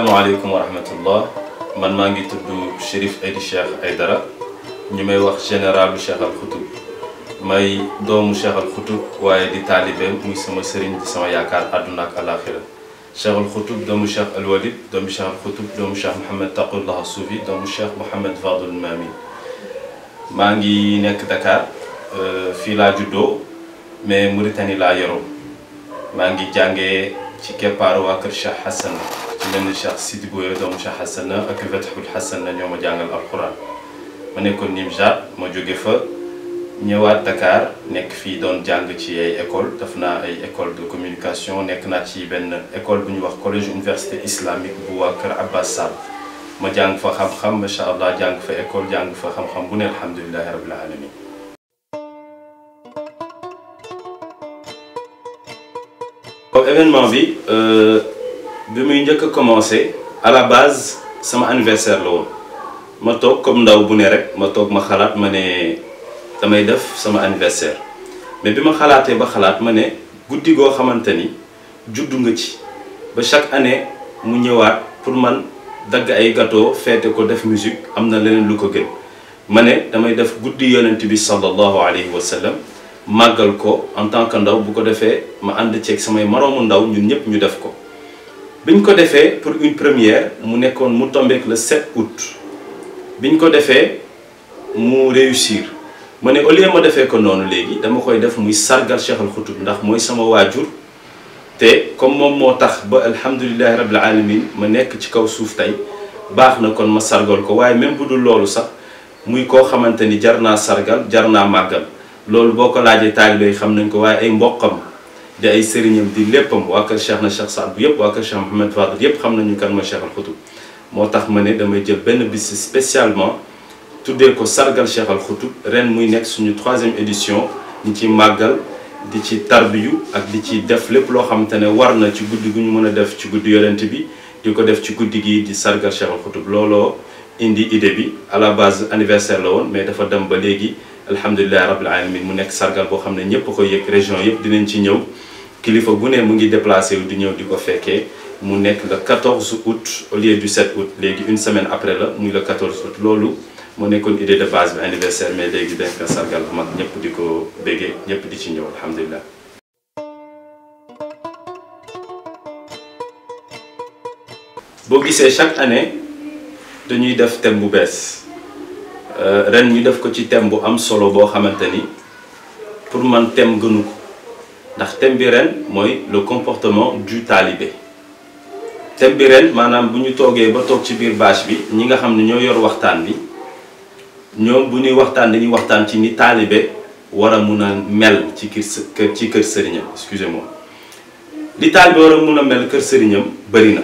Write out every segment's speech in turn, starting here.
asalaamaaleykum wa rahmatullah man maa ngi tudd Chérif Aïdi Cheikh Aïdara ñu may wax généralu Cheikh Al Khoutoub may doomu Cheikh Al Khoutoub waaye di taalibeem muy sama sëriñ di sama yaakaar àdduna ak alaxira Cheikh Al Khoutoub doomu Cheikh Al Walid doomu Cheikh Al Khoutoub doomu Cheikh Mouhamed Taqullah Soufi doomu Cheikh Mouhamed Fadul Mami maa ngi nekk Dakar euh, fii laa juddoo mais Mauritanie laa yoroo maa ngi jàngee. ci keppaaru waa kër Cheikh Hassan ci lenn Cheikh Sidi Boye doomu Cheikh Hassan ak Fatihul Hassan ñoo ma jàngal alxuraan ma nekkoon Nimja ma jóge fa ñëwaat Dakar nekk fii doon jàng ci ay école def naa ay école de communication nekk naa ci benn école bu ñu wax collège université islamique bu waa kër Abbas Sall ma jàng fa xam-xam macha allah jàng fa école jàng fa xam-xam bu ne alhamdulilahi rabbil alamin waaw événement bi euh, bi muy njëkk a commencé à la base sama anniversaire la woon ma toog comme ndaw bu ne rek ma toog ma xalaat ma ne damay def sama anniversaire mais bi ma xalaatee ba xalaat ma ne guddi goo xamante ni juddu nga ci ba chaque année mu ñëwaat pour man dagg ay gâteau feete ko def musique am na leneen lu ko gën ma ne damay def guddi yonent bi sallallahu alayhi wa màggal ko en tant que ndaw bu ko defee ma ànd ceeg samay moroomu ndaw ñun ñëpp ñu def ko biñ ko defee pour une première mu nekkoon mu tombeek le 7 août biñ ko defee mu réussir ma ne au lieu ma defee ko noonu léegi dama koy def muy sargal Cheikh Al Khoutoub ndax mooy sama waajur te comme moom moo tax ba alhamdulilahi rabbil alamin ma nekk ci kaw suuf tey baax na kon ma sargal ko waaye même bu dul loolu sax muy koo xamante ni jar naa sargal jar naa màggal loolu boo ko laajee taalibe yi xam nañ ko waaye ay mboqam di ay sëriñam di léppam waa kër Cheikh na Cheikh Saad bu yëpp waa kër Cheikh Mouhamed Fadel yëpp xam nañu kan mooy moo tax ma ne damay jël benn bis spécialement tuddee ko sargal Cheikh Al ren muy nekk suñu troisième édition ñu ci màggal di ci tarbiyu ak di ci def lépp loo xamante ne war na ci guddi gu ñu mën a def ci guddi yonent bi di ko def ci guddi gi di sargal Cheikh Al looloo indi idée bi à la base anniversaire la woon mais dafa dem ba léegi alhamdulilahi rabbil alamin mu nekk sargal boo xam ne ñëpp ko yëg région yëpp dinañ ci ñëw kilifa bu ne mu ngi déplacé wu di ñëw di ko fekkee mu nekk le 14 août au lieu du 7 août léegi une semaine après la muy le 14 août loolu moo nekkoon idée de base bi anniversaire mais léegi dañ ko sargal mag ñëpp di ko béggee ñëpp di ci ñëw alhamdulilah boo gisee chaque année dañuy def thème bu bees Euh, ren ñu def ko ci thème bu am solo boo xamante ni pour man tem gënu ko ndax thème bi ren mooy le comportement du talibé thème bi ren maanaam bu ñu toogee ba toog ci biir bâche bi ñi nga xam ne ñoo yor waxtaan bi ñoom bu ñuy waxtaan dañuy waxtaan ci ni talibé war a mun a mel ci kër ci kër sëriñam excusez mo li talibé war a mun a mel kër sëriñam bëri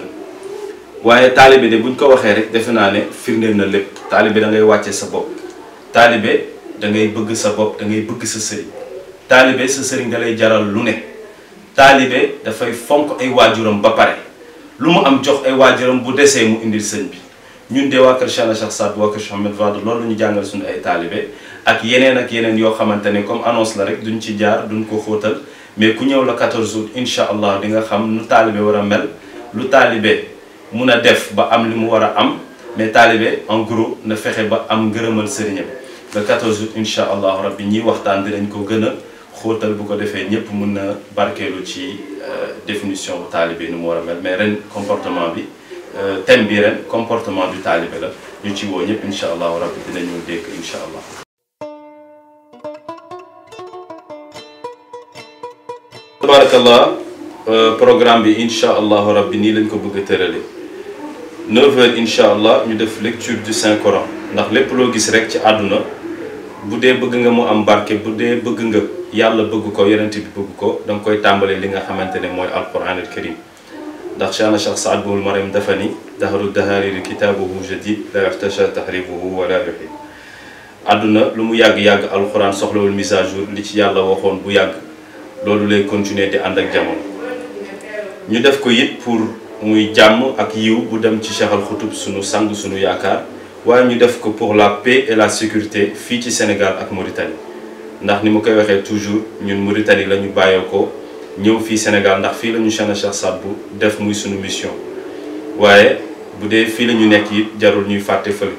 waaye taalibe de buñ ko waxee rek defe naa ne firndeel na lépp taalibe da ngay wàcce sa bopp taalibe da ngay bëgg sa bopp da ngay bëgg sa sëriñ taalibe sa sëriñ da lay jaral lu ne taalibe dafay fonk ay waajuram ba pare lu mu am jox ay waajuram bu desee mu indil sëñ bi ñun de waa kër Cheikh na Cheikh Saad waa kër loolu ñu jàngal suñu ay taalibe ak yeneen ak yeneen yoo xamante ne comme annonce la rek duñ ci jaar duñ ko xóotal mais ku ñëw la 14 août incha allah di nga xam nu taalibe war a mel lu taalibe mun a def ba am li mu war a am mais taalibe en gros na fexe ba am ngërëmal sëriñam le 14 août incha allahu rabbi ñiy waxtaan dinañ ko gën a xóotal bu ko defee ñëpp mun na barkeelu ci euh, définition bu taalibe nu mu war a mel mais ren comportement bi euh, thème bi ren comportement du taalibe la ñu ci woo ñëpp incha allahu rabbi dinañu dégg incha allah. tabarakallah euh, programme bi incha allahu rabbi nii lañ ko bëgg a tëralee. 9 heures incha allah ñu def lecture du Saint Coran ndax lépp loo gis rek ci àdduna bu dee bëgg nga mu am barke bu dee bëgg nga yàlla bëgg ko yonent bi bëgg ko danga nga koy tàmbalee li nga xamante ne mooy alquran al karim ndax chana Cheikh Saad Bul Maram dafa ni daharu dahariri kitaabuhu jadid la yaftasha tahrifuhu wala yuhi àdduna lu mu yàgg-yàgg alquran soxlawul mise à li ci yàlla waxoon bu yàgg loolu lay continuer di ànd ak jamono ñu muy jàmm ak yiw bu dem ci Cheikh Al Khoutoub sunu sang sunu yaakaar waaye ñu def ko pour la paix et la sécurité fii ci Sénégal ak Mauritanie ndax ni ma koy waxee toujours ñun Mauritanie la ñu bàyyee ko ñëw fii Sénégal ndax fii la ñu Cheikhna Cheikh Saad def muy sunu mission waaye bu dee fii la ñu nekk it jarul ñuy fàtte fële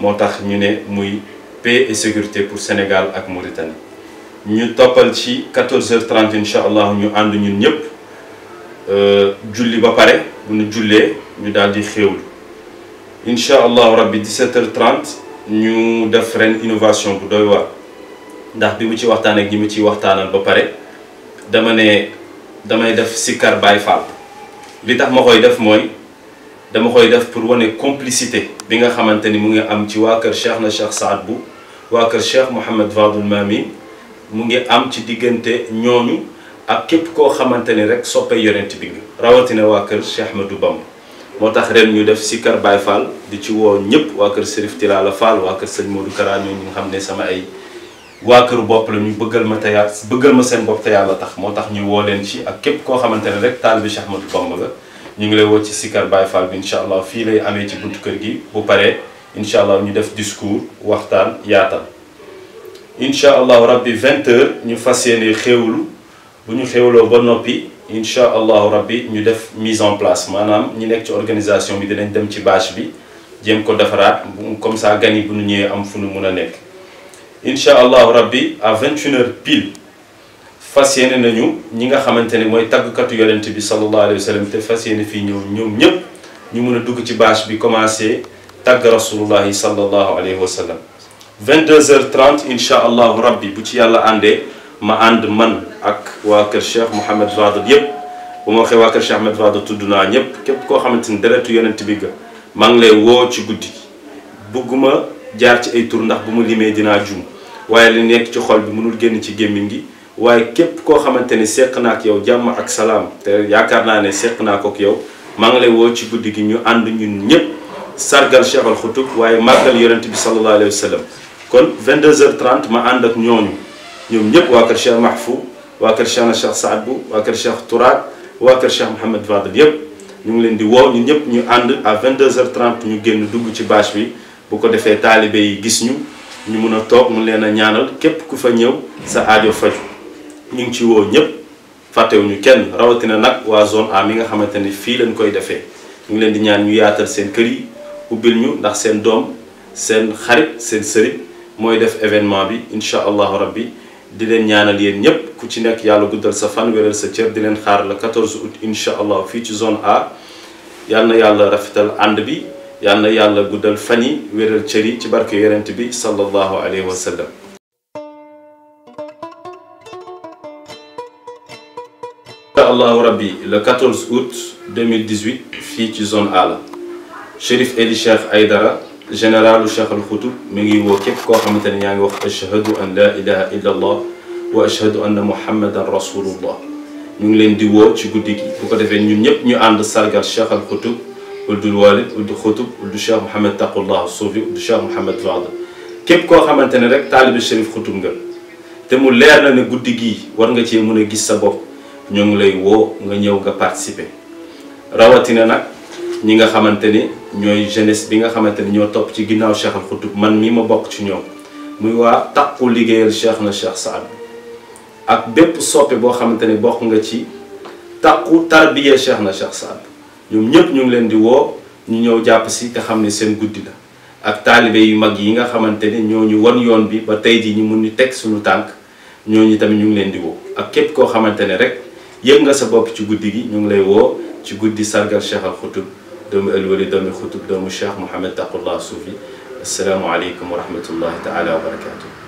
moo tax ñu ne muy paix et sécurité pour Sénégal ak Mauritanie ñu toppal ci 14h30 incha allah ñu ànd ñun ñëpp. Euh, julli ba pare bu ñu jullee ñu daal di xéewlu incha allahu rabbi 17h30 ñu def ren innovation bu doy waar ndax bi mu ci waxtaan ak ñi mu ciy waxtaanal ba pare dama ne damay def sikkar Baay Faal li tax ma koy def mooy dama koy def pour wane complicité bi nga xamante ni mu ngi am ci waa kër Cheikh na Cheikh Saad bu waa kër Cheikh Mouhamed Vadul Mamin mu ngi am ci diggante ñooñu ak képp koo xamante ni rek soppe yonent bi rawatina waa kër Cheikh Ahmadou Bamba moo tax ren ñu def Sikar Baye Fall di ci woo ñëpp waa kër Serif Tilala faal waa kër sëñ moo Kara ñoo ñu nga xam ne sama ay waa kër bopp la ñu bëggal ma te ma seen bopp te moo tax ñu woo leen ci ak képp koo xamante ne rek taal bi Cheikh Ahmadou Bamba la ñu ngi lay woo ci Sikar Baye Fall bi incha allah fii lay amee ci buntu kër gi bu pare incha allah ñu def discours waxtaan yaatal incha allah rabbi 20 ñu fas yéene xéewlu bu ñu xewloo ba noppi incha allahu rabbi ñu def mise en place maanaam ñi nekk ci organisation bi dinañ dem ci bâche bi jéem ko defaraat comme ça gan bu ñu ñëwee am fu ñu mun a nekk incha allahu rabbi à vingt heures pile fas yéene nañu ñi nga xamante ne mooy tàggkatu yonent bi sallallahu alayhi wa te fas yéene fii ñëw ñoom ñëpp ñu mun a dugg ci bâche bi commencé tàgg rasulullahi sallallahu alayhi wa sallam 22 allahu rabbi bu ci yàlla àndee ma ànd man ak waa kër Cheikh Mouhamed Fadel yëpp bu ma waxee waa kër Cheikh Mouhamed Fadel tudd naa ñëpp képp koo xamante ni deretu yonent bi ga maa ngi lay woo ci guddi gi bugguma jaar ci ay tur ndax bu mu limee dina juum waaye li nekk ci xool bi mënul génn ci gémmiñ gi waaye képp koo xamante ni seq naa ak yow jàmm ak salaam te yaakaar naa ne seq naa kook ak yow maa ngi lay woo ci guddi gi ñu ànd ñun ñëpp sargal Cheikh al waaye màggal yonent bi sallallahu alayhi wa kon 22h30 ànd ak ñooñu. ñoom ñëpp waa kër Cheikh Mahfou waa kër Cheikh na Cheikh Saad Bou waa kër Cheikh Tourade waa kër Cheikh Mouhamed Fadel yëpp ñu ngi leen di woo ñu ñëpp ñu ànd à 22h30 ñu génn dugg ci bâche bi bu ko defee taalibe yi gis ñu ñu mun a toog mun leen a ñaanal képp ku fa ñëw sa aajo faju ñu ngi ci woo ñëpp fàttewuñu kenn rawatina nag waa zone A mi nga xamante ni fii lañ koy defee ñu ngi leen di ñaan ñu yaatal seen kër yi ubbil ñu ndax seen doom seen xarit seen sëriñ mooy def événement bi incha allahu rabbi di leen ñaanal yéen ñépp ku ci nekk yàlla guddal sa fan wéral sa cër di leen xaar la 14 août incha allah fii ci zone A yal na yàlla rafetal ànd bi yal na yàlla guddal fan yi wéral cër yi ci barke yonent bi sallallahu alayhi wa sallam incha allahu rabbi le 14 août 2018 fii ci zone A la général Cheikh al Xutub ngi woo képp koo xamante ne yaa ngi wax ashhadu an laa ilaha illa allah wa ashhadu anna muhammadan rasulullah ñu ngi leen di woo ci guddi gi bu ko defee ñun ñëpp ñu ànd sargal Cheikh al Xutub uldul walid uldu xutub uldu Cheikh Mouhamed taqullah suufi uldu Cheikh Mouhamed Fadl képp koo xamante ne rek bi Chérif Xutub nga te mu leer na ne guddi gii war nga cee mu a gis sa bopp ñoo ngi lay woo nga ñëw nga participer rawatina ñi nga xamante ni ñooy jeunesse bi nga xamante ni ñoo topp ci ginnaaw Cheikh Al Xutub man mii ma bokk ci ñoom muy waa taqu liggéeyal Cheikh na Cheikh Saad ak bépp soppe boo xamante ni bokk nga ci taqu tarbiya Cheikh na Cheikh Saad ñoom ñëpp ñu ngi leen di woo ñu ñëw jàpp si te xam ne seen guddi la ak taalibe yu mag yi nga xamante ni ñoo ñu wan yoon bi ba tey jii ñu mun ñu teg suñu tànk ñoo ñu tamit ñu ngi leen di woo ak képp koo xamante ne rek yëg nga sa bopp ci guddi gi ñu ngi lay woo ci guddi sargal Cheikh Al Xutub doomu Alwali doomu Xutub doomu Cheikh Mouhamed Taqullah Suufi assalaamu aleykum wa rahmatullahi taala wa barakatuh